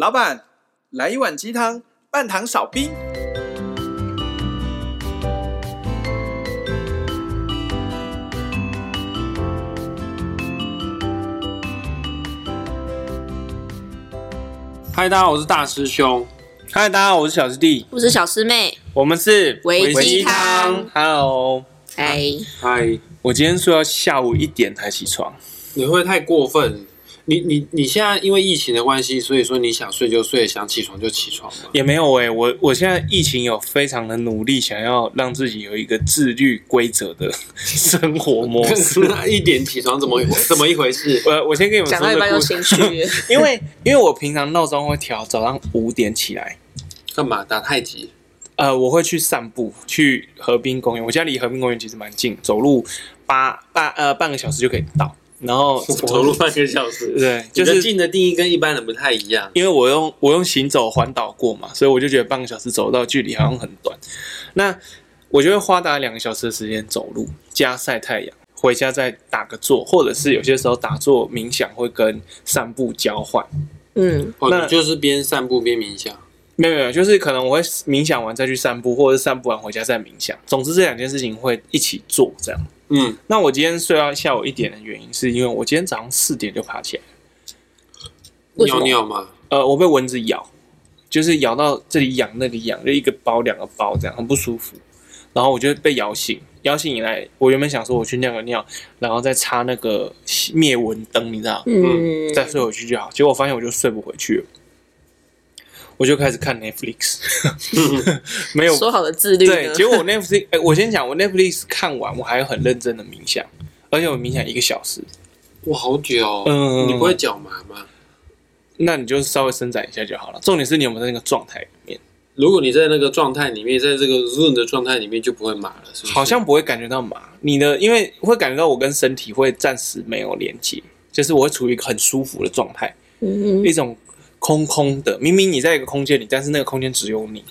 老板，來一碗雞湯，半糖少冰。嗨，大家好，我是大師兄。嗨，大家好，我是小師弟。我是小師妹。我們是微雞湯。Hello，嗨，嗨，我今天說要下午一點才起床，你會不會太過分。你你你現在因為疫情的關係，所以說你想睡就睡，想起床就起床。也沒有誒、欸，我我現在疫情有非常的努力，想要讓自己有一個自律規則的生活模式。 那一點起床怎麼怎麼一回事？我、 呃、我先跟你們說故事講一半 因為因為我平常鬧鐘會調早上五點起來，幹嘛打太極？呃，我會去散步，去河濱公園。我家離河濱公園其實蠻近，走路八八呃半個小時就可以到。然後走路半個小時， 對，就是你的近的定義跟一般人不太一樣。因為我用我用行走環島過嘛，所以我就覺得半個小時走到距離好像很短。嗯、那我就會花大概兩個小時的時間走路加曬太陽，回家再打個坐，或者是有些時候打坐冥想會跟散步交換。嗯，哦、那就是邊散步邊冥想？沒有沒有，就是可能我會冥想完再去散步，或者是散步完回家再冥想。總之這兩件事情會一起做，這樣。嗯，那我今天睡到下午一點的原因，是因為我今天早上四點就爬起來尿尿嗎？呃，我被蚊子咬，就是咬到這裡癢那裡癢，就一個包兩個包這樣，很不舒服。然後我就被咬醒，咬醒以來，我原本想說我去尿個尿，然後再插那個滅蚊燈，你知道，嗯，再睡回去就好。結果我發現我就睡不回去了。我就開始看 Netflix， 沒有 說好的自律。對，結果我 Netflix，哎、欸，我先講，我 Netflix 看完，我還有很認真的冥想，而且我冥想一個小時，哇，好久、哦，嗯，你不會腳麻嗎？那你就是稍微伸展一下就好了。重點是你有沒有在那個狀態裡面？如果你在那個狀態裡面，在這個 zone 的狀態裡面，就不會麻了是不是，好像不會感覺到麻。你呢？因為會感覺到我跟身體會暫時沒有連接，就是我會處於一個很舒服的狀態，嗯嗯，一種。空空的，明明你在一個空間裡，但是那個空間只有你。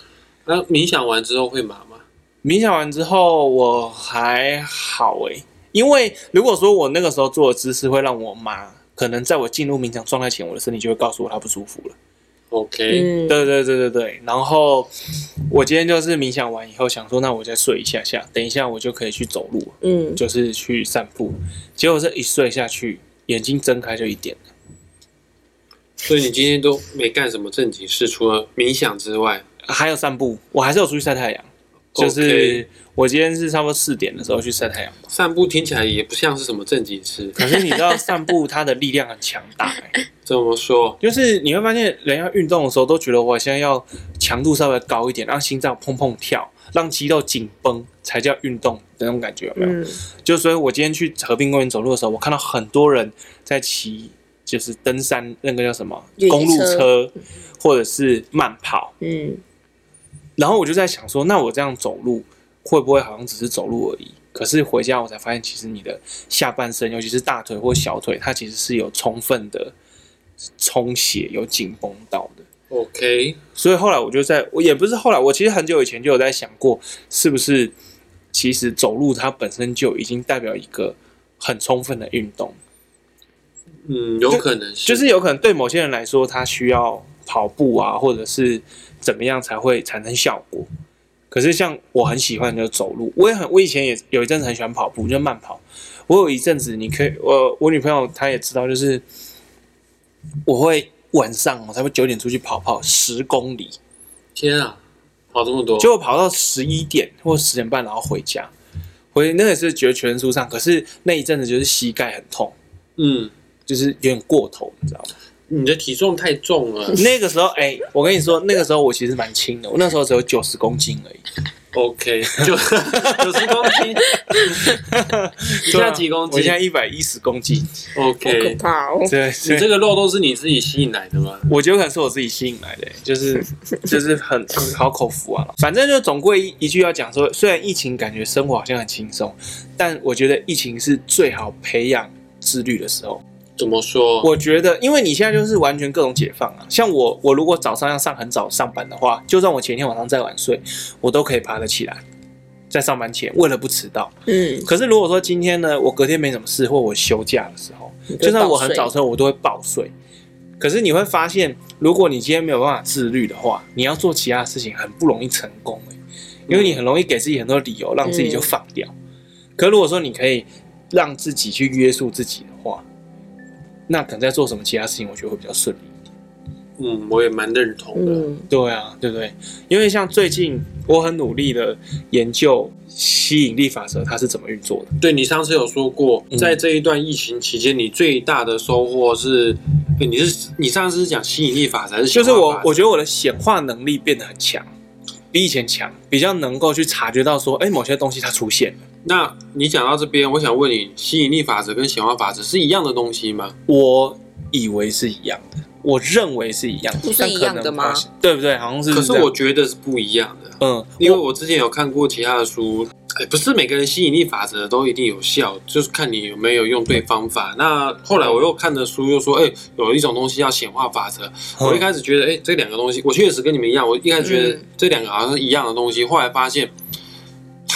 那、啊、冥想完之後會麻嗎？冥想完之後我還好哎、欸，因為如果說我那個時候做的姿勢會讓我麻，可能在我進入冥想狀態前，我的身體就會告訴我它不舒服了。OK，、嗯、對對對對對。然後我今天就是冥想完以後想說，那我再睡一下下，等一下我就可以去走路，嗯，就是去散步。結果這一睡下去，眼睛睜開就一點了。所以你今天都沒幹什麼正經事，除了冥想之外，還有散步，我還是有出去曬太陽。Okay。就是我今天是差不多四點的時候去曬太陽。散步聽起來也不像是什麼正經事，可是你知道散步它的力量很強大、欸。怎麼說？就是你會發現，人要運動的時候，都覺得我現在要強度稍微高一點，讓心臟砰砰跳，讓肌肉緊繃，才叫運動的那種感覺有沒有？嗯、就所以我今天去和平公園走路的時候，我看到很多人在騎。就是登山那個叫什麼公路車，或者是慢跑。嗯，然後我就在想說，那我這樣走路會不會好像只是走路而已？可是回家我才發現，其實你的下半身，尤其是大腿或小腿，它其實是有充分的充血、有緊繃到的。OK，所以後來我就在，我也不是後來，我其實很久以前就有在想過，是不是其實走路它本身就已經代表一個很充分的運動。嗯，有可能是就，就是有可能對某些人來說，他需要跑步啊，或者是怎麼樣才會產生效果。可是像我很喜歡就走路，我也很，我以前也有一陣子很喜歡跑步，就慢跑。我有一陣子，你可以，我我女朋友她也知道，就是我會晚上我才會九點出去跑跑十公里，天啊，跑這麼多，就跑到十一點或十點半，然後回家。回那也是覺得全身舒暢，可是那一陣子就是膝蓋很痛，嗯。就是有點過頭，你知道嗎？你的體重太重了。那個時候，哎、欸，我跟你說，那個時候我其實蠻輕的，我那時候只有九十公斤而已。OK，就九十公斤，一 下幾公斤，我現在一百一十公斤。OK，好可怕、哦、對、對、對，你這個肉都是你自己吸引來的嗎？我覺得可能是我自己吸引來的、欸，就是就是很好口福啊。反正就總歸一一句要講說，雖然疫情感覺生活好像很輕鬆，但我覺得疫情是最好培養自律的時候。怎麼說？我覺得，因為你現在就是完全各種解放啊。像我，我如果早上要上很早上班的話，就算我前一天晚上再晚睡，我都可以爬得起來，在上班前為了不遲到。嗯。可是如果說今天呢，我隔天沒什麼事，或我休假的時候，就算我很早睡，我都會爆睡。可是你會發現，如果你今天沒有辦法自律的話，你要做其他的事情很不容易成功、欸，因為你很容易給自己很多理由，讓自己就放掉。嗯、可如果說你可以讓自己去約束自己的話。那可能在做什麼其他事情，我覺得會比較順利一點。嗯，我也蠻認同的、嗯。對啊，對不對？因為像最近，我很努力的研究吸引力法則，它是怎麼運作的。對，對，你上次有說過，嗯、在這一段疫情期間，你最大的收穫是，你是你上次是講吸引力法則，還是就是我？我覺得我的顯化能力變得很強，比以前強，比較能夠去察覺到說，哎，某些東西它出現了。那你講到這邊，我想問你，吸引力法則跟顯化法則是一樣的東西嗎？我以為是一樣的，我認為是一樣的，不是一樣的嗎？對不對？好像是。可是我覺得是不一樣的。嗯，因為我之前有看過其他的書，嗯欸、不是每個人吸引力法則都一定有效，就是看你有沒有用對方法。那後來我又看了書又說，哎、欸，有一種東西叫顯化法則。我一開始覺得，哎、欸，這兩個東西，我確實跟你們一樣，我一開始覺得這兩個好像是一樣的東西，後來發現。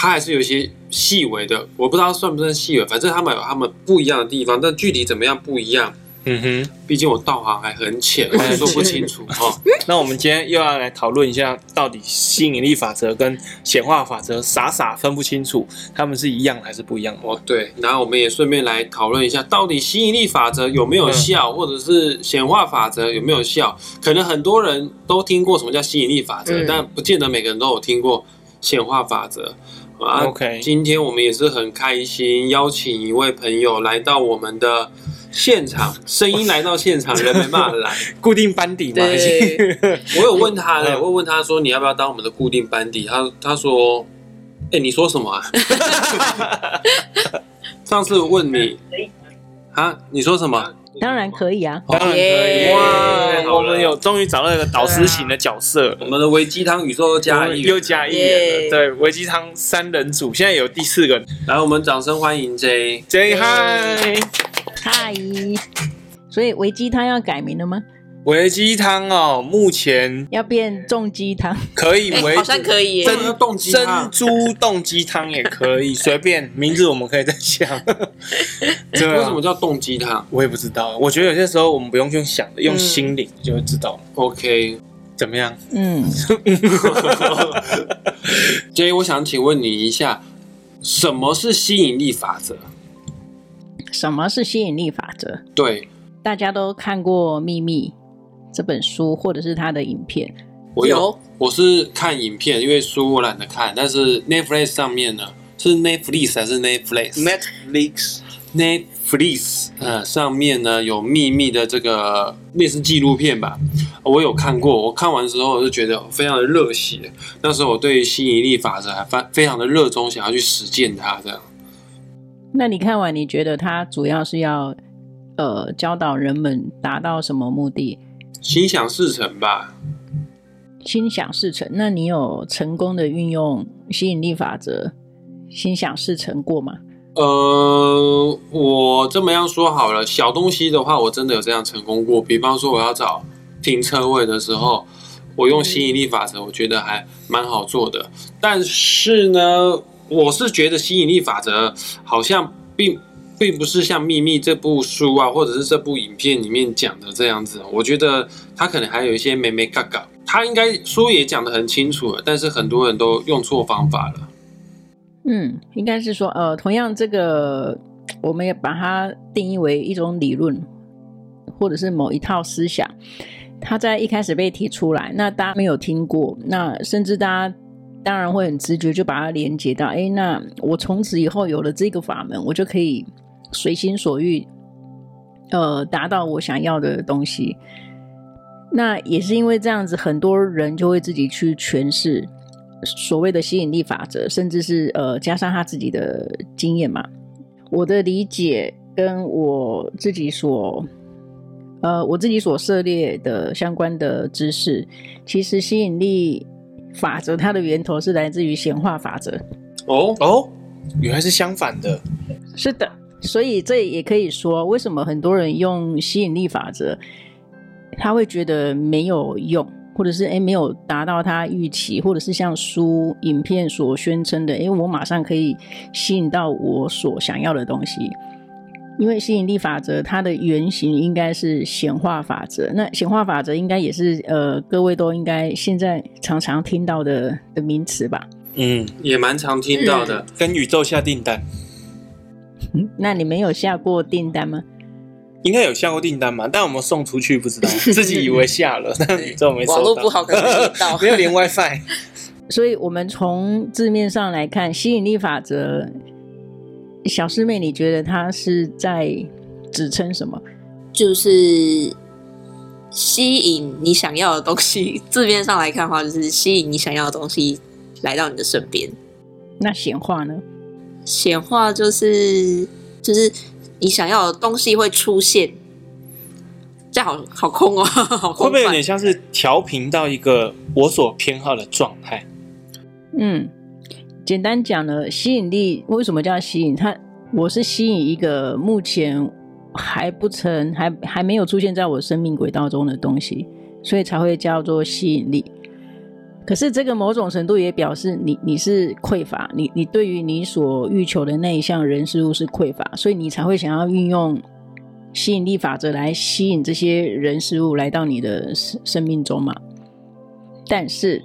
它還是有一些細微的，我不知道算不算細微，反正他們有他們不一樣的地方，但具體怎麼樣不一樣，嗯哼，畢竟我道行還很淺，還說不清楚哈。 哦、 那我們今天又要來討論一下，到底吸引力法則跟顯化法則傻傻分不清楚，他們是一樣還是不一樣？哦，對，然後我們也順便來討論一下，到底吸引力法則有沒有效，嗯、或者是顯化法則有沒有效、嗯？可能很多人都聽過什麼叫吸引力法則、嗯，但不見得每個人都有聽過顯化法則。OK，今天我們也是很開心，邀請一位朋友來到我們的現場。聲音來到現場，人沒嘛來， 固定班底嘛。 我有問他咧，我有問他說：“你要不要當我們的固定班底？”他他說：“哎、欸啊， 你說什麼？”上次問你啊，你說什麼？當然可以啊！當然可以哇、yeah wow, yeah！我們有終於找到一個導師型的角色、啊，我們的微雞湯宇宙又加一又加一了。對，微雞湯三人組現在有第四個人，來我們掌聲歡迎 J J 嗨嗨！所以微雞湯要改名了嗎？微雞湯哦，目前要變凍雞湯可以、欸，好像可以雞湯珍珠凍雞湯也可以，隨 便，名字我們可以再想、 啊。為什麼叫凍雞湯？我也不知道。我覺得有些時候我們不用去想，用心靈就會知道、嗯、OK，怎麼樣？嗯。所 以 我想請問你一下，什麼是吸引力法則？什麼是吸引力法則？對，大家都看過《秘密》。這本書或者是他的影片，我有，我是看影片，因為書我懶得看。但是 Netflix 上面呢，是 Netflix 還是 Netflix？Netflix，Netflix，Netflix Netflix，呃，上面呢有秘密的這個類似紀錄片吧，我有看過。我看完之後，我就覺得非常的熱血。那時候我對於吸引力法則還非非常的熱衷，想要去實踐它。這樣，那你看完，你覺得它主要是要呃教導人們達到什麼目的？心想事成吧？心想事成，那你有成功的運用吸引力法則，心想事成過嗎？呃，我這麼樣說好了，小東西的話，我真的有這樣成功過。比方說，我要找停車位的時候，我用吸引力法則，我覺得還蠻好做的，嗯。但是呢，我是覺得吸引力法則好像並並不是像《秘密》這部書啊，或者是這部影片裡面講的這樣子，我覺得他可能還有一些眉眉角角，他應該書也講得很清楚了，但是很多人都用錯方法了。嗯，應該是說，呃，同樣這個，我們也把它定義為一種理論，或者是某一套思想。他在一開始被提出來，那大家沒有聽過，那甚至大家當然會很直覺就把它連接到，哎、欸，那我從此以後有了這個法門，我就可以。隨心所欲，呃，達到我想要的東西。那也是因為這樣子，很多人就會自己去詮釋所謂的吸引力法則，甚至是呃，加上他自己的經驗嘛。我的理解跟我自己所，呃，我自己所涉獵的相關的知識，其實吸引力法則它的源頭是來自於顯化法則。哦哦，原來是相反的。是的。所以這也可以說，為什麼很多人用吸引力法則，他會覺得沒有用，或者是誒、欸，沒有達到他預期，或者是像書、影片所宣稱的，為、欸、我馬上可以吸引到我所想要的東西。因為吸引力法則它的原型應該是顯化法則，那顯化法則應該也是呃各位都應該現在常常聽到的的名詞吧？嗯，也蠻常聽到的，嗯、跟宇宙下訂單。嗯，那你沒有下過訂單嗎？應該有下過訂單嘛，但我們送出去不知道， 自己以為下了， 但你最後沒。網絡不好看不到， 沒有連 WiFi。 所以，我們從字面上來看，吸引力法則，小師妹，你覺得它是在指稱什麼？就是吸引你想要的東西。字面上來看的話，就是吸引你想要的東西來到你的身邊。那顯化呢？顯化就是就是你想要的東西會出現，這樣好好空哦好空，會不會有點像是調頻到一個我所偏好的狀態？嗯，簡單講呢，吸引力為什麼叫吸引？它我是吸引一個目前還不曾，還還沒有出現在我生命軌道中的東西，所以才會叫做吸引力。可是這個某種程度也表示你、你是匱乏，你、你對於你所欲求的那一項人事物是匱乏，所以你才會想要運用吸引力法則來吸引這些人事物來到你的生生命中嘛。但是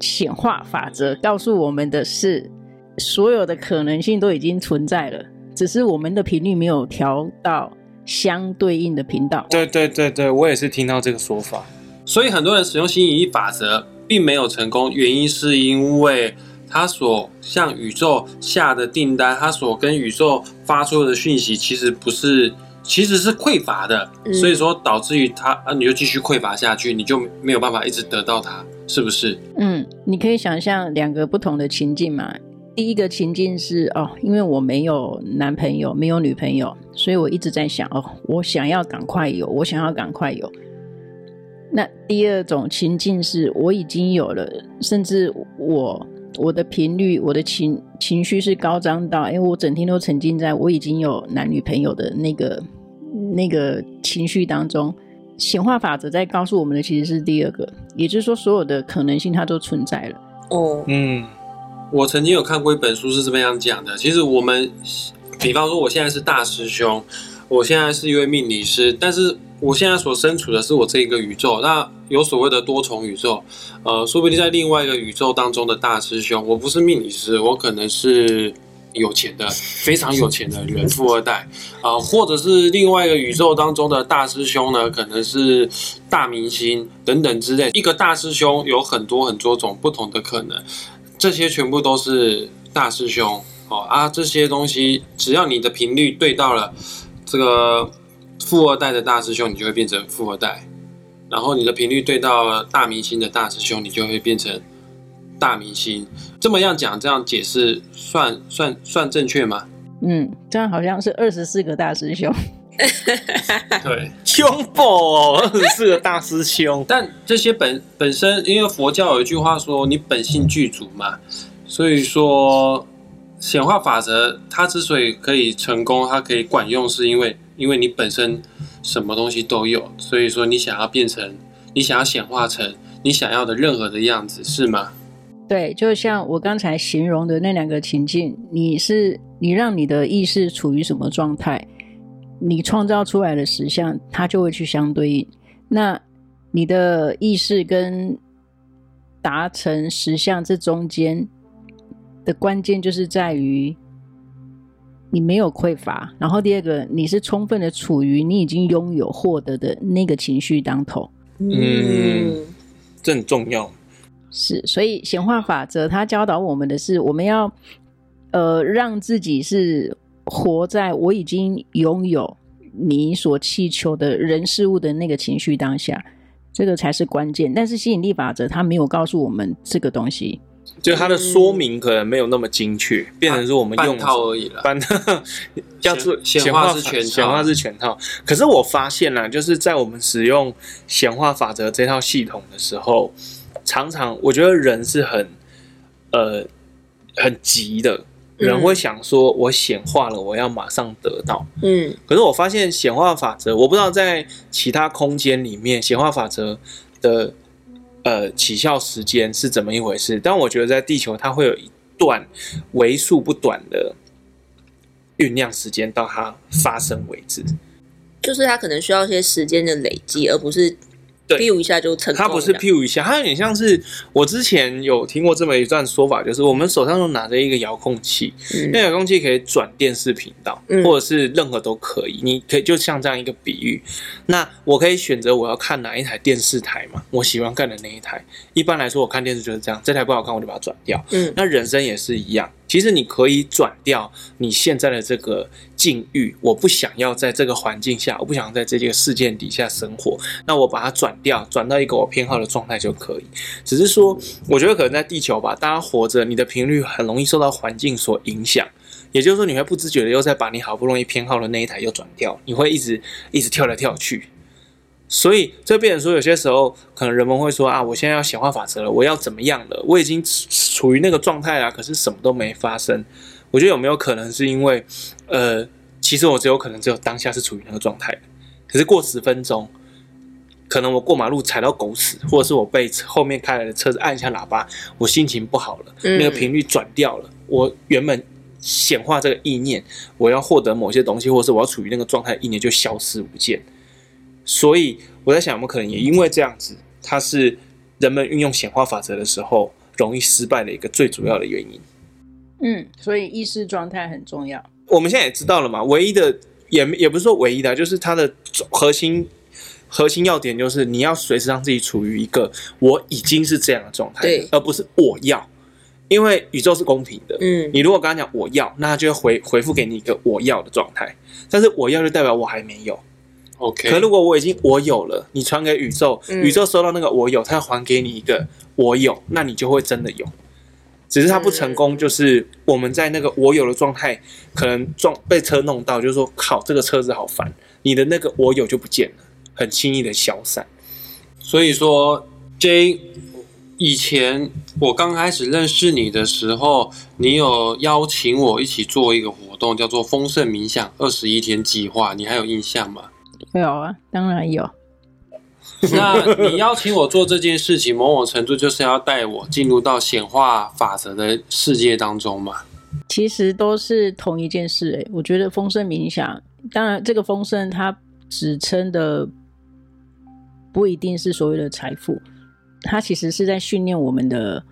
顯化法則告訴我們的是，所有的可能性都已經存在了，只是我們的頻率沒有調到相對應的頻道。對對對對，我也是聽到這個說法。所以很多人使用吸引力法則，並沒有成功，原因是因為他所向宇宙下的訂單，他所跟宇宙發出的訊息，其實不是，其實是匱乏的，嗯、所以說導致於他啊，你就繼續匱乏下去，你就沒有辦法一直得到他，是不是？嗯，你可以想象兩個不同的情境嘛。第一個情境是哦，因為我沒有男朋友，沒有女朋友，所以我一直在想哦，我想要趕快有，我想要趕快有。那第二種情境是我已經有了，甚至我我的頻率，我的情情緒是高漲到，因為我整天都沉浸在我已經有男女朋友的那個那個情緒當中。顯化法則在告訴我們的其實是第二個，也就是說，所有的可能性它都存在了。哦，嗯，我曾經有看過一本書是這麼樣講的，其實我們，比方說我現在是大師兄，我現在是一位命理師，但是。我現在所身處的是我這一個宇宙，那有所謂的多重宇宙，呃，說不定在另外一個宇宙當中的大師兄，我不是命理師，我可能是有錢的，非常有錢的人，富二代，啊、呃，或者是另外一個宇宙當中的大師兄呢，可能是大明星等等之類。一個大師兄有很多很多種不同的可能，這些全部都是大師兄，哦啊，這些東西只要你的頻率對到了，這個。富二代的大師兄，你就會變成富二代；然後你的頻率對到大明星的大師兄，你就會變成大明星。這麼樣講，這樣解釋算算算正確嗎？嗯，這樣好像是二十四個大師兄， 對，恐怖二十四個大師兄。但這些本本身，因為佛教有一句話說，你本性具足嘛，所以說。顯化法則，它之所以可以成功，它可以管用，是因為因為你本身什麼東西都有，所以說你想要變成，你想要顯化成你想要的任何的樣子，是嗎？對，就像我剛才形容的那兩個情境，你是你讓你的意識處於什麼狀態，你創造出來的實相，它就會去相對應。那你的意識跟達成實相這中間。的關鍵就是在於你沒有匱乏，然後第二個，你是充分的處於你已經擁有、獲得的那個情緒當頭。嗯。嗯，這很重要。是，所以顯化法則它教導我們的是，我們要呃讓自己是活在我已經擁有你所祈求的人事物的那個情緒當下，這個才是關鍵。但是吸引力法則它沒有告訴我們這個東西。就它的說明可能沒有那麼精確，嗯，變成是我們用半套而已了。反正叫做顯化是全，顯化是全套，可是我發現呢就是在我們使用顯化法則這套系統的時候，常常我覺得人是很呃很急的，人會想說，我顯化了，我要馬上得到。嗯，可是我發現顯化法則，我不知道在其他空間裡面顯化法則的。呃，起效時間是怎麼一回事？但我覺得在地球，它會有一段為數不短的醞釀時間，到它發生為止，就是它可能需要一些時間的累積，而不是。一下就成，它不是 p u 一下，它有點像是我之前有聽過這麼一段說法，就是我們手上都拿着一個遙控器，嗯、那個、遙控器可以轉電視頻道，嗯，或者是任何都可以，你可以就像這樣一個比喻，那我可以選擇我要看哪一台電視台嘛，我喜歡看的那一台，一般來說我看電視就是這樣，這台不好看我就把它轉掉，嗯，那人生也是一樣。其實你可以轉掉你現在的這個境遇，我不想要在這個環境下，我不想在這個事件底下生活。那我把它轉掉，轉到一個我偏好的狀態就可以。只是說，我覺得可能在地球吧，大家活着，你的頻率很容易受到環境所影響。也就是說，你會不自覺的又在把你好不容易偏好的那一台又轉掉，你會一直一直跳來跳去。所以，這變成說，有些時候可能人們會說啊，我現在要顯化法則了，我要怎麼樣了？我已經處於那個狀態了，啊，可是什麼都沒發生。我覺得有沒有可能是因為，呃，其實我只有可能只有當下是處於那個狀態，可是過十分鐘，可能我過馬路踩到狗屎，或者是我被後面開來的車子按一下喇叭，我心情不好了，那個頻率轉掉了，我原本顯化這個意念，我要獲得某些東西，或者是我要處於那個狀態，意念就消失不見。所以我在想，我們可能也因為這樣子，它是人們運用顯化法則的時候容易失敗的一個最主要的原因。嗯，所以意識狀態很重要。我們現在也知道了嘛，唯一的，也也不是說唯一的、啊、就是它的核心核心要點就是你要隨時讓自己處於一個我已經是這樣的狀態，對，而不是我要，因為宇宙是公平的。嗯，你如果跟他講我要，那它就會回回復給你一個我要的狀態，但是我要就代表我還沒有。可如果我已經我有了，你傳給宇宙，宇宙收到那個我有，他要還給你一個我有，那你就會真的有。只是他不成功，就是我們在那個我有的狀態，可能撞被車弄到，就是說靠這個車子好煩，你的那個我有就不見了，很輕易的消散。所以說，J，以前我剛開始認識你的時候，你有邀請我一起做一個活動，叫做豐盛冥想二十一天計劃，你還有印象嗎？有啊，當然有。 那你邀請我做這件事情，某種程度就是要帶我進入到顯化法則的世界當中嘛？其實都是同一件事，欸。哎，我覺得豐盛冥想，當然這個豐盛它指稱的不一定是所謂的財富，它其實是在訓練我們的，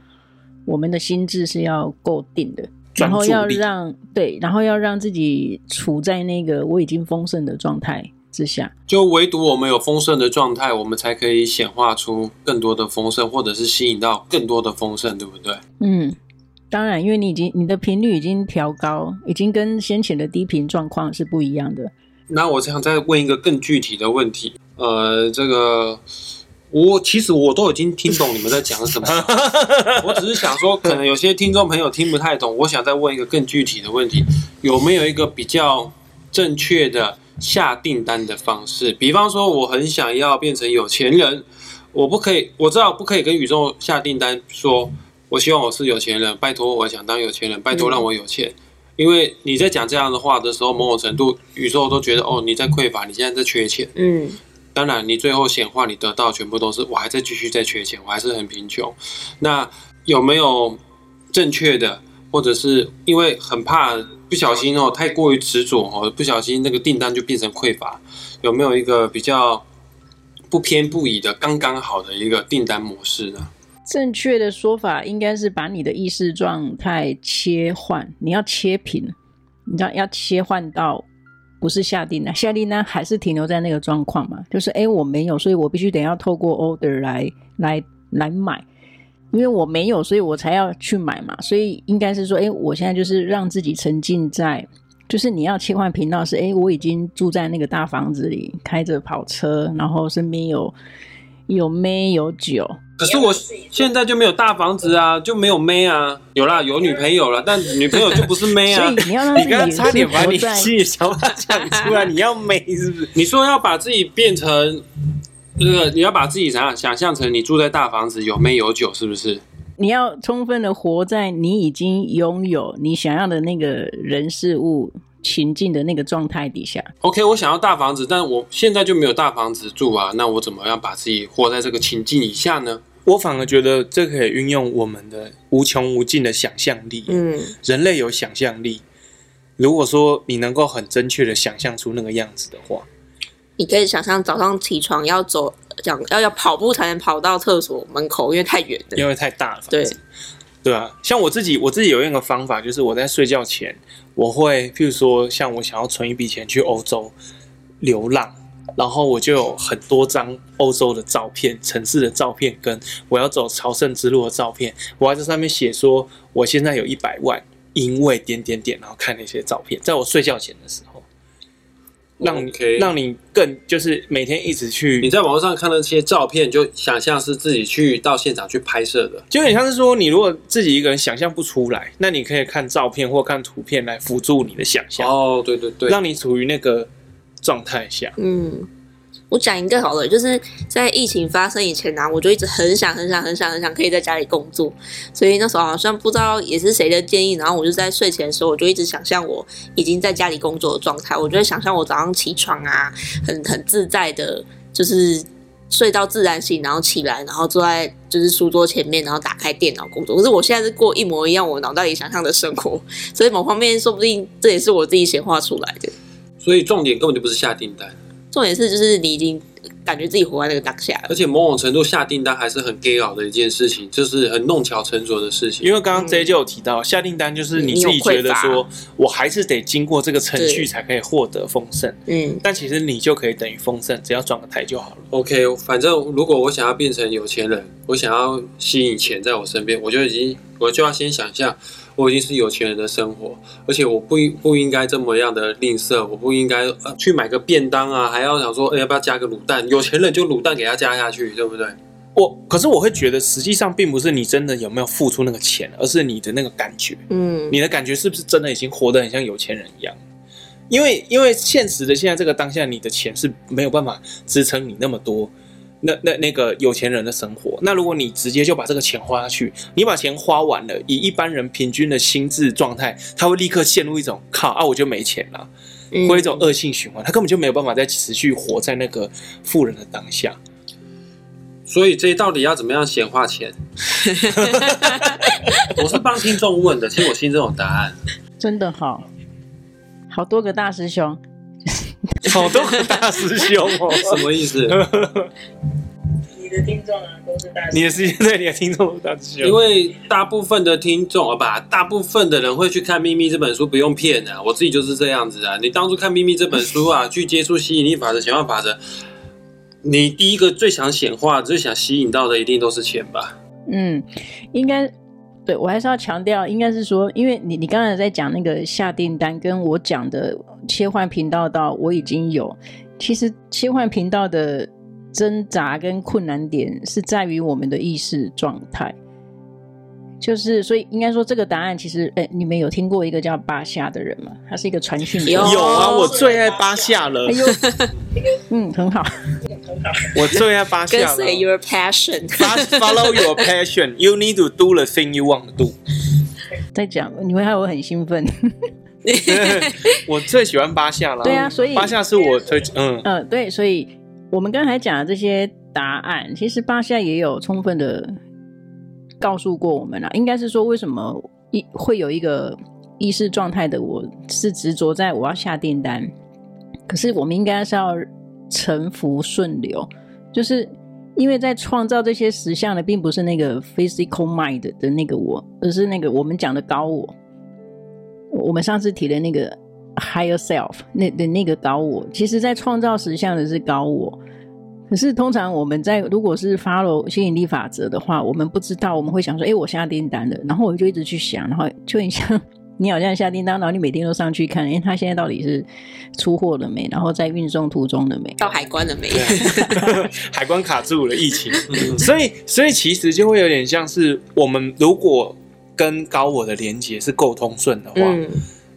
我們的心智是要夠定的，然後要讓對，然後要讓自己處在那個我已經豐盛的狀態。之下，就唯獨我們有豐盛的狀態，我們才可以顯化出更多的豐盛，或者是吸引到更多的豐盛，對不對？嗯，當然，因為你已經你的頻率已經調高，已經跟先前的低頻狀況是不一樣的。嗯、那我想再問一個更具體的問題，呃，這個我其實我都已經聽懂你們在講什麼了， 我只是想說，可能有些聽眾朋友聽不太懂， 我想再問一個更具體的問題，有沒有一個比較正確的？下訂單的方式，比方說，我很想要變成有錢人，我不可以，我知道不可以跟宇宙下訂單說，說我希望我是有錢人，拜託，我想當有錢人，拜託讓我有錢。嗯，因為你在講這樣的話的時候，某種程度宇宙都覺得哦，你在匱乏，你現在在缺錢。嗯，當然，你最後顯化你得到全部都是，我還在繼續在缺錢，我還是很貧窮。那有沒有正確的？或者是因為很怕不小心哦、喔，太過於執着哦，不小心那個訂單就變成匱乏。有沒有一個比較不偏不倚的剛剛好的一個訂單模式呢？正確的說法應該是把你的意識狀態切換，你要切屏，你知道要切換到不是下訂單，下訂單還是停留在那個狀況嘛？就是哎、欸，我沒有，所以我必須得要透過 order 來來來買。因為我沒有，所以我才要去買嘛，所以應該是說，哎、欸，我現在就是讓自己沉浸在，就是你要切換頻道是，哎、欸，我已經住在那個大房子裡，開着跑車，然後身邊有有妹有酒。可是我現在就沒有大房子啊，嗯、就沒有妹啊，有啦，有女朋友了，嗯、但女朋友就不是妹啊。 所以你要讓自己 你剛剛差點把你心裡想法講出來，你要妹是不是？ 你說要把自己變成。這個你要把自己想想，想象成你住在大房子，有沒有酒，是不是？你要充分的活在你已經擁有你想要的那個人事物情境的那個狀態底下。OK，我想要大房子，但我現在就沒有大房子住啊。那我怎麼樣把自己活在這個情境以下呢？我反而覺得這可以運用我們的無窮無盡的想象力。嗯，人類有想象力。如果說你能夠很精確的想象出那個樣子的話。你可以想象早上起床要走，講要要跑步才能跑到廁所門口，因為太遠的。因為太大了。對，對啊。像我自己，我自己有一個方法，就是我在睡覺前，我會，譬如說，像我想要存一筆錢去歐洲流浪，然後我就有很多張歐洲的照片、城市的照片，跟我要走朝聖之路的照片。我還在上面寫說，我現在有一百萬，因為點點點，然後看那些照片，在我睡覺前的時候。讓你讓你更就是每天一直去，你在網上看那些照片，就想象是自己去到現場去拍攝的，就很像是說，你如果自己一個人想象不出來，那你可以看照片或看圖片來輔助你的想象哦，對對對，讓你處於那個狀態下，嗯。我講一個好了，就是在疫情發生以前呢、啊，我就一直很想很想很想很想可以在家裡工作，所以那時候好像不知道也是誰的建議，然後我就在睡前的時候，我就一直想象，我已經在家裡工作的狀態，我就想象我早上起床啊，很很自在的，就是睡到自然醒，然後起來，然後坐在就是書桌前面，然後打開電腦工作。可是我現在是過一模一樣我腦袋裡想象的生活，所以某方面說不定這也是我自己顯化出來的。所以重點根本就不是下訂單。重點是，就是你已經感覺自己活在那個當下，而且某種程度下訂單還是很干擾的一件事情，就是很弄巧成拙的事情。因為剛剛 J 就有提到，嗯、下訂單就是你自己覺得說，我還是得經過這個程序才可以獲得豐盛。嗯，但其實你就可以等於豐盛，只要轉個台就好了。OK，反正如果我想要變成有錢人，我想要吸引錢在我身邊，我就已經我就要先想象。我已經是有錢人的生活，而且我不應不應該這麼樣的吝嗇，我不應該，呃，去買個便當啊，還要想說，哎，要不要加個滷蛋？有錢人就滷蛋給他加下去，對不對？我可是我會覺得，實際上並不是你真的有沒有付出那個錢，而是你的那個感覺，嗯，你的感覺是不是真的已經活得很像有錢人一樣？因為因為現實的現在這個當下，你的錢是沒有辦法支撐你那麼多。那那那個有錢人的生活，那如果你直接就把這個錢花下去，你把錢花完了，以一般人平均的心智狀態，他會立刻陷入一種靠啊，我就沒錢了，或、嗯、一種惡性循環，他根本就沒有辦法再持續活在那個富人的當下。所以這到底要怎麼樣先花錢？ 我是幫聽眾問的，其實我心中有答案，真的好，好多個大師兄。好多個大師兄哦，什麼意思？ 你的聽眾啊，都是大師。 你的世界對你的聽眾大師兄。 因為大部分的聽眾啊，吧，大部分的人會去看《秘密》這本書，不用騙的、啊。我自己就是這樣子啊。你當初看《秘密》這本書啊， 去接觸吸引力法則、顯化法則，你第一個最想顯化、最想吸引到的，一定都是錢吧？嗯，應該。我還是要強調，應該是說，因為你你剛才在講那個下訂單，跟我講的切換頻道到我已經有，其實切換頻道的掙扎跟困難點是在於我們的意識狀態。就是，所以應該說這個答案其實，哎、欸，你們有聽過一個叫巴夏的人嗎？他是一個傳訊者。有啊，我最愛巴夏了。 嗯，很好。 我最愛巴夏了。 跟隨說 your passion，follow your passion，you need to do the thing you want to do。在 講， 你會害我很興奮。我最喜歡巴夏了。對啊，所以巴夏是我最嗯嗯、呃、對，所以我們剛才講的這些答案，其實巴夏也有充分的，告訴過我們了、啊，應該是說為什麼一會有一個意識狀態的，我是執着在我要下訂單，可是我們應該是要臣服順流，就是因為在創造這些實相的，並不是那個 physical mind 的那個我，而是那個我們講的高我，我們上次提的那個 higher self 那的、那個高我，其實在創造實相的是高我。可是，通常我們在如果是 follow 吸引力法則的話，我們不知道，我們會想說，哎，我下訂單了，然後我們就一直去想，然後就很像你好像下訂單，然後你每天都上去看，哎，他現在到底是出貨了沒？然後在運送途中了沒？到海關了沒？ 海關卡住了，疫情。 所以，所以其實就會有點像是我們如果跟高我的連接是夠通順的話、嗯，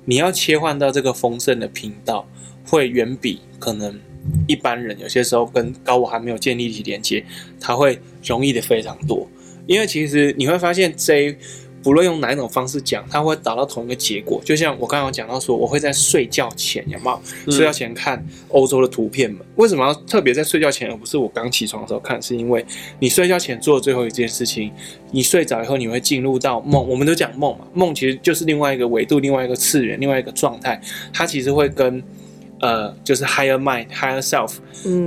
你要切換到這個豐盛的頻道，會遠比可能。一般人有些時候跟高我還沒有建立起連接，他會容易的非常多。因為其實你會發現 J 不論用哪一種方式講，他會達到同一個結果。就像我剛剛講到說，我會在睡覺前，有沒有？睡覺前看歐洲的圖片嘛？嗯。為什麼要特別在睡覺前，而不是我剛起床的時候看？是因為你睡覺前做的最後一件事情，你睡着以後你會進入到夢。我們都講夢嘛，夢其實就是另外一個維度、另外一個次元、另外一個狀態，它其實會跟。呃，就是 higher mind, higher self，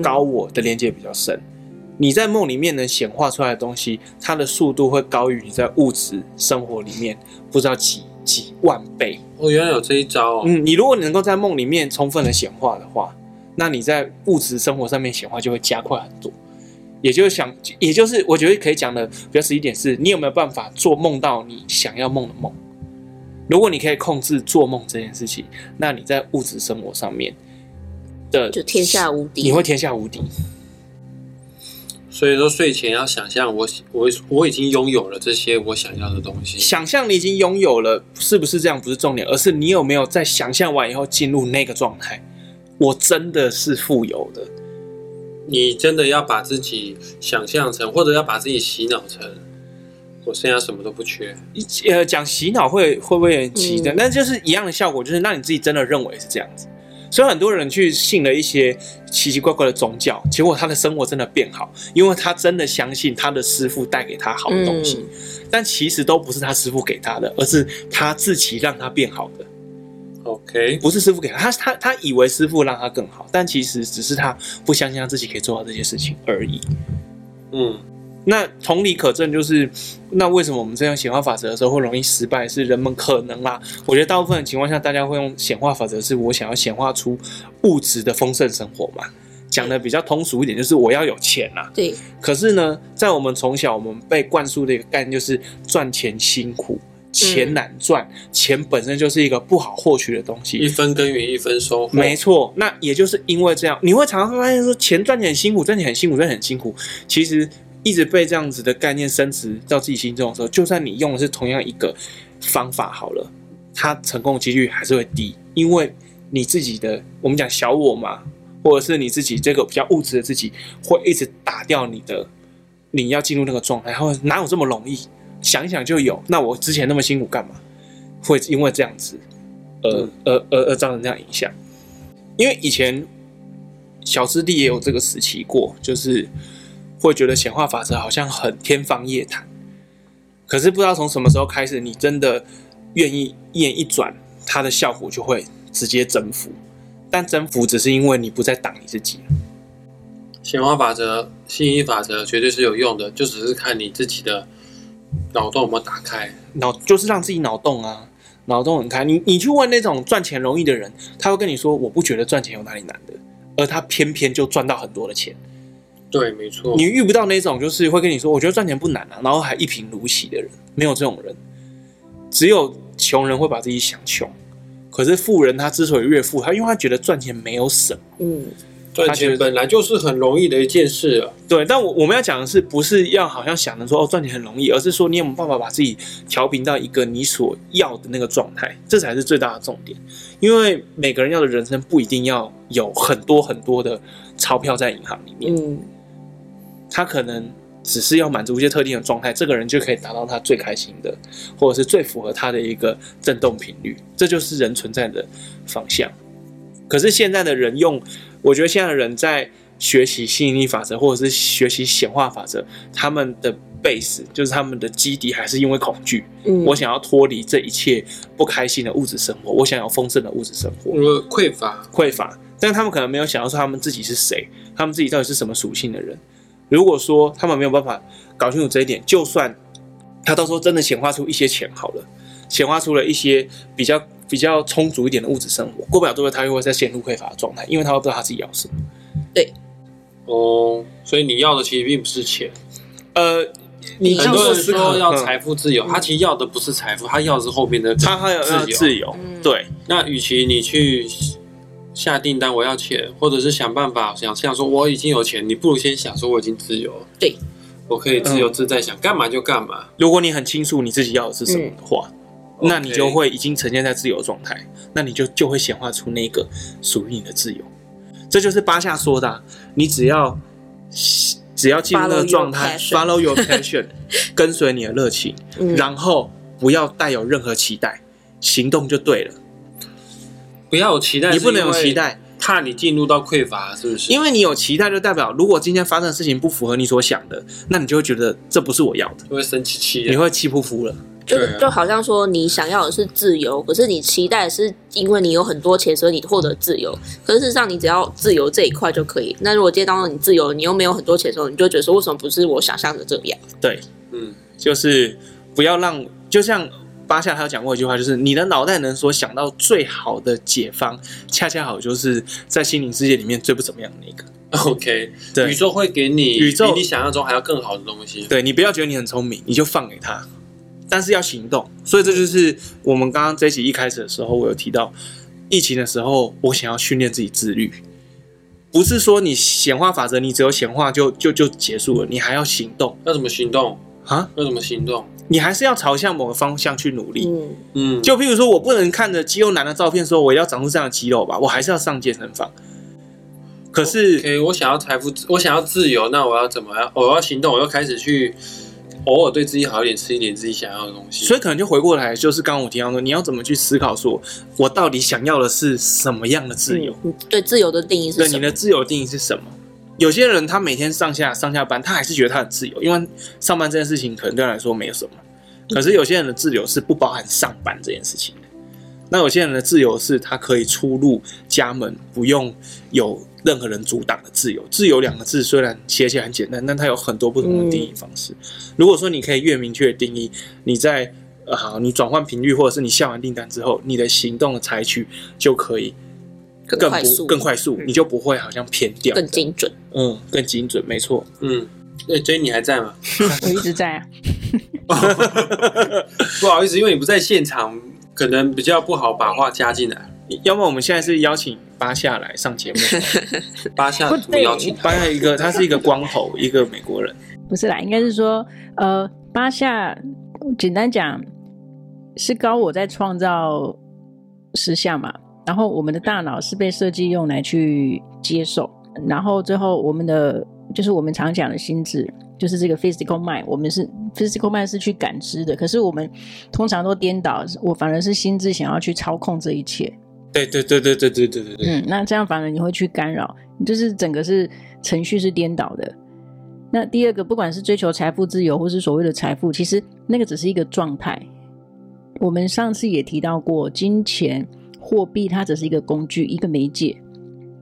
高我的連接比較深。嗯，你在夢裡面能顯化出來的東西，它的速度會高於你在物質生活裡面不知道幾幾萬倍。哦，原來有這一招哦。嗯，你如果你能夠在夢裡面充分的顯化的話，那你在物質生活上面顯化就會加快很多。也就是想，也就是我覺得可以講的比較實際一點是，你有沒有辦法做夢到你想要夢的夢？如果你可以控制做夢這件事情，那你在物質生活上面。就天下無敵，你會天下無敵。所以說，睡前要想象我，我我已經擁有了這些我想要的東西。想象你已經擁有了，是不是這樣不是重點，而是你有沒有在想象完以後進入那個狀態？我真的是富有的。你真的要把自己想象成，或者要把自己洗腦成，我身上什麼都不缺。一呃，講洗腦會會不會很急的、嗯，但就是一樣的效果，就是讓你自己真的認為是這樣子。所以很多人去信了一些奇奇怪怪的宗教，結果他的生活真的變好，因為他真的相信他的師傅帶給他好的東西，嗯，但其實都不是他師傅給他的，而是他自己讓他變好的。OK，不是師傅給他，他他他以為師傅讓他更好，但其實只是他不相信他自己可以做到這些事情而已。嗯。那同理可證，就是那為什麼我們這樣顯化法則的時候會容易失敗？是人們可能啦、啊。我覺得大部分的情況下，大家會用顯化法則，是我想要顯化出物質的豐盛生活嘛？講的比較通俗一點，就是我要有錢啦、啊。對。可是呢，在我們從小我們被灌輸的一個概念，就是賺錢辛苦，錢難賺、嗯，錢本身就是一個不好獲取的東西，一分耕耘一分收穫。沒錯。那也就是因為這樣，你會常常發現說，錢賺錢很辛苦，賺錢很辛苦，賺錢很，很辛苦。其實。一直被這樣子的概念深植到自己心中的時候，就算你用的是同樣一個方法好了，它成功的幾率還是會低，因為你自己的我們講小我嘛，或者是你自己這個比較物質的自己，會一直打掉你的，你要進入那個狀態，然後哪有這麼容易？想想就有，那我之前那麼辛苦幹嘛？會因為這樣子而、嗯，而而而造成這樣影響，因為以前小師弟也有這個時期過，就是。會覺得顯化法則好像很天方夜譚，可是不知道從什麼時候開始，你真的願意一言一轉，它的效果就會直接征服。但征服只是因為你不再擋你自己。顯化法則、吸引力法則絕對是有用的，就只是看你自己的腦洞有沒有打開。腦就是讓自己腦洞啊，腦洞很開。你你去問那種賺錢容易的人，他會跟你說：“我不覺得賺錢有哪裡難的。”而他偏偏就賺到很多的錢。對，沒錯，你遇不到那種就是會跟你說“我覺得賺錢不難啊”，然後還一貧如洗的人，沒有這種人，只有窮人會把自己想窮，可是富人他之所以越富，他因為他覺得賺錢沒有什麼，嗯，賺錢本來就是很容易的一件事啊。對，但我我們要講的是，不是要好像想着說“哦，賺錢很容易”，而是說你有沒有辦法把自己調頻到一個你所要的那個狀態，這才是最大的重點。因為每個人要的人生不一定要有很多很多的鈔票在銀行裡面，嗯。他可能只是要滿足一些特定的狀態，這個人就可以達到他最開心的，或者是最符合他的一個振動頻率。這就是人存在的方向。可是現在的人用，我覺得現在的人在學習吸引力法則，或者是學習顯化法則，他們的 base 就是他們的基底，還是因為恐懼，嗯。我想要脫離這一切不開心的物質生活，我想要豐盛的物質生活，嗯。匱乏，匱乏。但他們可能沒有想到說，他們自己是誰，他們自己到底是什麼屬性的人。如果說他們沒有辦法搞清楚這一點，就算他到時候真的顯化出一些錢好了，顯化出了一些比較比較充足一點的物質生活，過不了多久他又會再陷入匱乏的狀態，因為他會不知道他自己要什麼。對、欸，哦，所以你要的其實並不是錢，呃，你很多人說要財富自由、嗯，他其實要的不是財富，他要的是後面的自由，他，自由，自由、嗯。對，那與其你去。下訂單，我要錢，或者是想辦法想想說我已經有錢，你不如先想說我已經自由，對，我可以自由自在想，想、嗯、幹嘛就幹嘛。如果你很清楚你自己要的是什麼的話、嗯，那你就會已經呈現在自由狀態、okay，那你就就會顯化出那個屬於你的自由。這就是巴夏說的、啊，你只要只要進入那個狀態，follow your passion，, Follow your passion 跟隨你的熱情、嗯，然後不要帶有任何期待，行動就對了。不要有期待，你是是，你不能有期待，怕你進入到匱乏，是不是？因為你有期待，就代表如果今天發生的事情不符合你所想的，那你就會覺得這不是我要的，你會生氣氣，你會氣呼呼了。啊、就就好像說，你想要的是自由，可是你期待的是因為你有很多錢，所以你獲得自由。可是事實上，你只要自由這一塊就可以。那如果接到了你自由，你又沒有很多錢的時候，你就覺得說，為什麼不是我想象的這樣？對，嗯，就是不要讓，就像。巴夏他有講過一句話，就是你的腦袋能所想到最好的解方，恰恰好就是在心靈世界裡面最不怎麼樣的那個 okay, 對。OK，宇宙會給你，宇宙比你想象中還要更好的東西。對，你不要覺得你很聰明，你就放給他，但是要行動。所以這就是我們剛剛這集一開始的時候，我有提到疫情的時候，我想要訓練自己自律，不是說你顯化法則，你只有顯化就就就結束了，你還要行動。要怎麼行動？啊，要怎麼行動？你還是要朝向某個方向去努力。嗯嗯，就譬如說我不能看着肌肉男的照片說我要長出這樣的肌肉吧，我還是要上健身房。可是，Okay, 我想要財富，我想要自由，那我要怎麼樣啊？我要行動，我要開始去偶爾對自己好一點，吃一點自己想要的東西。所以可能就回過來，就是剛剛我提到說，你要怎麼去思考說，說我到底想要的是什麼樣的自由？嗯，對自由的定義是什麼？對你的自由的定義是什麼？有些人他每天上下上下班，他還是覺得他很自由，因為上班這件事情可能對他來說沒有什麼。可是有些人的自由是不包含上班這件事情的。那有些人的自由是他可以出入家門，不用有任何人阻擋的自由。自由兩個字雖然寫起來很簡單，但它有很多不同的定義方式。嗯。如果說你可以越明確的定義你在呃好，你轉換頻率，或者是你下完訂單之後你的行動的採取就可以更快速，更，更快速，嗯，你就不會好像偏掉，更精準，嗯，更精準，沒錯，嗯，欸、J 你還在嗎？我一直在啊， 不好意思，因為你不在現場，可能比較不好把話加進來， 要麼我們現在是邀請巴夏來上節目， 巴夏不邀請巴夏一個，他是一個光頭，一個美國人，不是啦，應該是說，呃，巴夏，簡單講是高我在創造實相嘛。然後，我們的大腦是被設計用來去接受，然後最後我們的就是我們常講的心智，就是這個 physical mind，我們是 physical mind 是去感知的。可是我們通常都顛倒，我反而是心智想要去操控這一切。對對對對對對對。嗯，那這樣反而你會去干擾，就是整個是程序是顛倒的。那第二個，不管是追求財富自由，或是所謂的財富，其實那個只是一個狀態。我們上次也提到過金錢。貨幣它只是一個工具，一個媒介，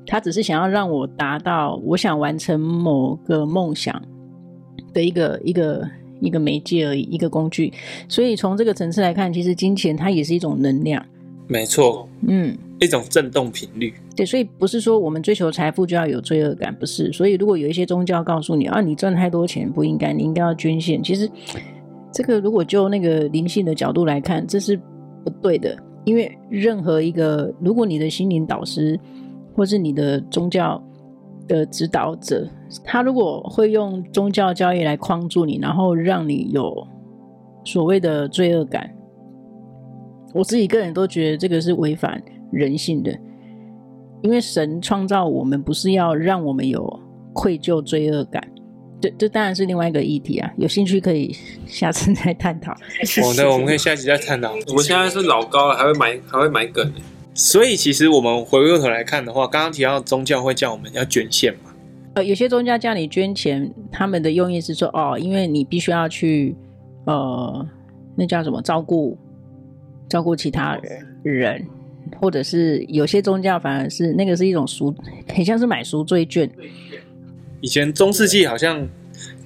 它只是想要讓我達到我想完成某個夢想的一個一個一個媒介而已，一個工具。所以從這個層次來看，其實金錢它也是一種能量。沒錯，嗯，一種震動頻率。對，所以不是說我們追求財富就要有罪惡感，不是。所以如果有一些宗教告訴你啊，你賺太多錢不應該，你應該要捐獻。其實這個如果就那個靈性的角度來看，這是不對的。因為任何一個，如果你的心靈導師或是你的宗教的指導者，他如果會用宗教教義來框住你，然後讓你有所謂的罪惡感，我自己個人都覺得這個是違反人性的，因為神創造我們不是要讓我們有愧疚、罪惡感。這當然是另外一個議題啊，有興趣可以下次再探討。好、oh, 的， 我們可以下集再探討。 我們現在是老高了，還會買還會買梗。所以其實我們回過頭來看的話，剛剛提到宗教會叫我們要捐獻嘛？呃，有些宗教叫你捐錢，他們的用意是說哦，因為你必須要去呃，那叫什麼，照顧照顧其他人，okay. 或者是有些宗教反而是那個是一種贖，很像是買贖罪券。以前中世紀好像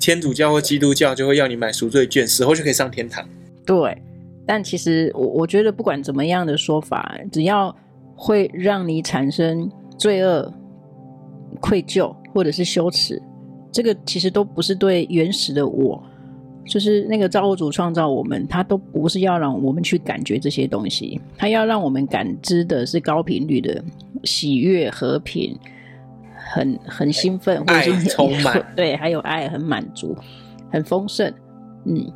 天主教或基督教就會要你買贖罪券，死後就可以上天堂。對，但其實我我覺得不管怎麼樣的說法，只要會讓你產生罪惡、愧疚或者是羞恥，這個其實都不是對原始的我，就是那個造物主創造我們，他都不是要讓我們去感覺這些東西，他要讓我們感知的是高頻率的喜悅、和平。很很興奮，欸、或者很充滿 對，還有愛，很滿足，很豐盛，嗯，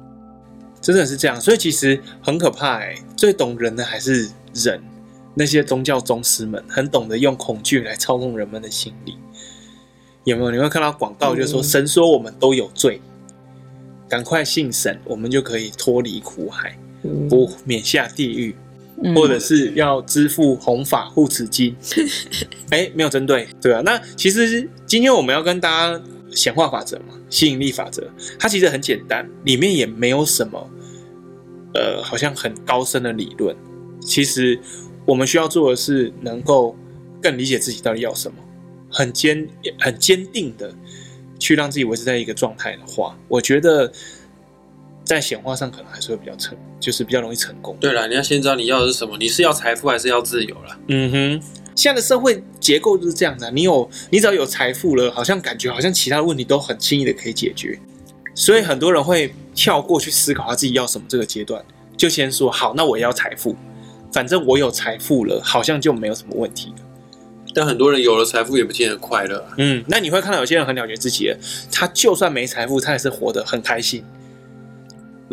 真的是這樣。所以其實很可怕，欸。最懂人的還是人，那些宗教宗師們很懂得用恐懼來操控人們的心理。有沒有？你會看到廣告就是說，嗯：“神說我們都有罪，趕快信神，我們就可以脫離苦海，不、嗯哦、免下地獄。”或者是要支付弘法護持金，哎，沒有針對，對啊，那其實今天我們要跟大家顯化法則嘛，吸引力法則，它其實很簡單，裡面也沒有什麼，呃，好像很高深的理論。其實我們需要做的是，能夠更理解自己到底要什麼，很堅、很堅定的去讓自己維持在一個狀態的話，我覺得。在顯化上可能還是會比較成，就是比較容易成功。對了，你要先知道你要的是什麼，你是要財富還是要自由了啊？嗯哼，現在的社會結構就是這樣的，你有，你只要有財富了，好像感覺好像其他問題都很輕易的可以解決，所以很多人會跳過去思考他自己要什麼這個階段，就先說好，那我也要財富，反正我有財富了，好像就沒有什麼問題了。但很多人有了財富也不見得快樂啊。嗯，那你會看到有些人很了解自己，他就算沒財富，他也是活得很開心。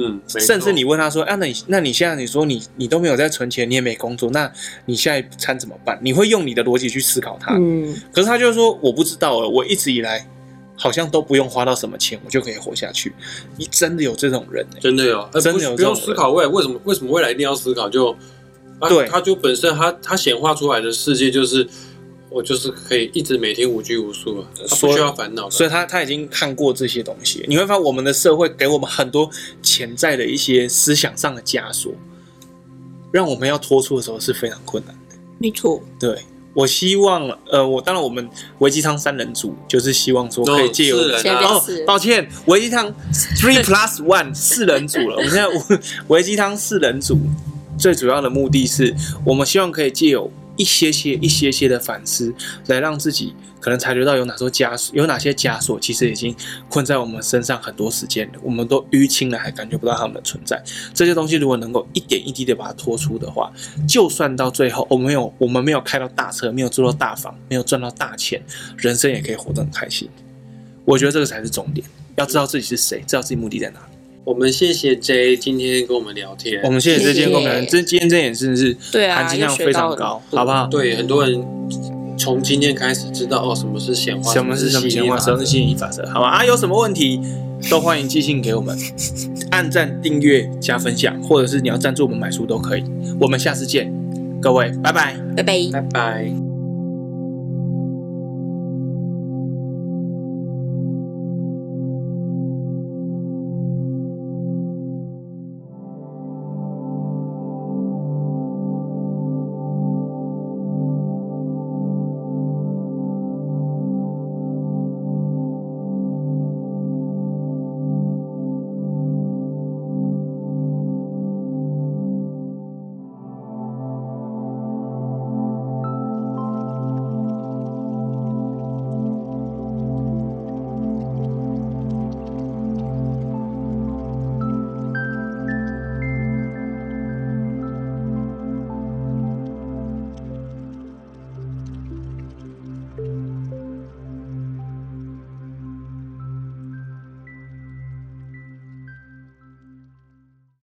嗯，甚至你問他說：“啊，那你那你現在你說你你都沒有在存錢，你也沒工作，那你下一餐怎麼辦？你會用你的邏輯去思考他。”嗯，可是他就說：“我不知道了，我一直以來好像都不用花到什麼錢，我就可以活下去。”你真的有這種人，欸？真的有，呃、真的有不，不用思考未來，為什麼為什麼未來一定要思考？就、啊、對，他就本身他他顯化出來的世界就是。我就是可以一直每天無拘無束了，啊、不需要煩惱。所以他他已經看過這些東西，你會發現我們的社會給我們很多潛在的一些思想上的枷鎖，讓我們要脫出的時候是非常困難的。沒錯。對，我希望，呃，我當然我們微雞湯三人組就是希望說可以借由、哦、四人啊，然後抱歉，微雞湯 three plus one 四人組了。我們現在微雞湯四人組最主要的目的是，我們希望可以借由。一些些、一些些的反思，來讓自己可能察覺到有哪座枷鎖、有哪些枷鎖，其實已經困在我們身上很多時間了。我們都淤青了，還感覺不到他們的存在。這些東西如果能夠一點一滴的把它拖出的話，就算到最後，我沒有、我們沒有開到大車，沒有住到大房，沒有賺到大錢，人生也可以活得很開心。我覺得這個才是重點，要知道自己是誰，知道自己目的在哪。我們謝謝 J 今天跟我們聊天，我們謝謝 J 今天這演真的是含金量非常高，高好不好？對，很多人從今天開始知道哦，什麼是顯化，什麼是什麼，什麼是吸引力法則，好吧？啊，有什麼問題都歡迎寄信給我們， 按讚、訂閱、加分享，或者是你要贊助我們買書都可以。我們下次見，各位，拜，拜，拜拜，拜拜。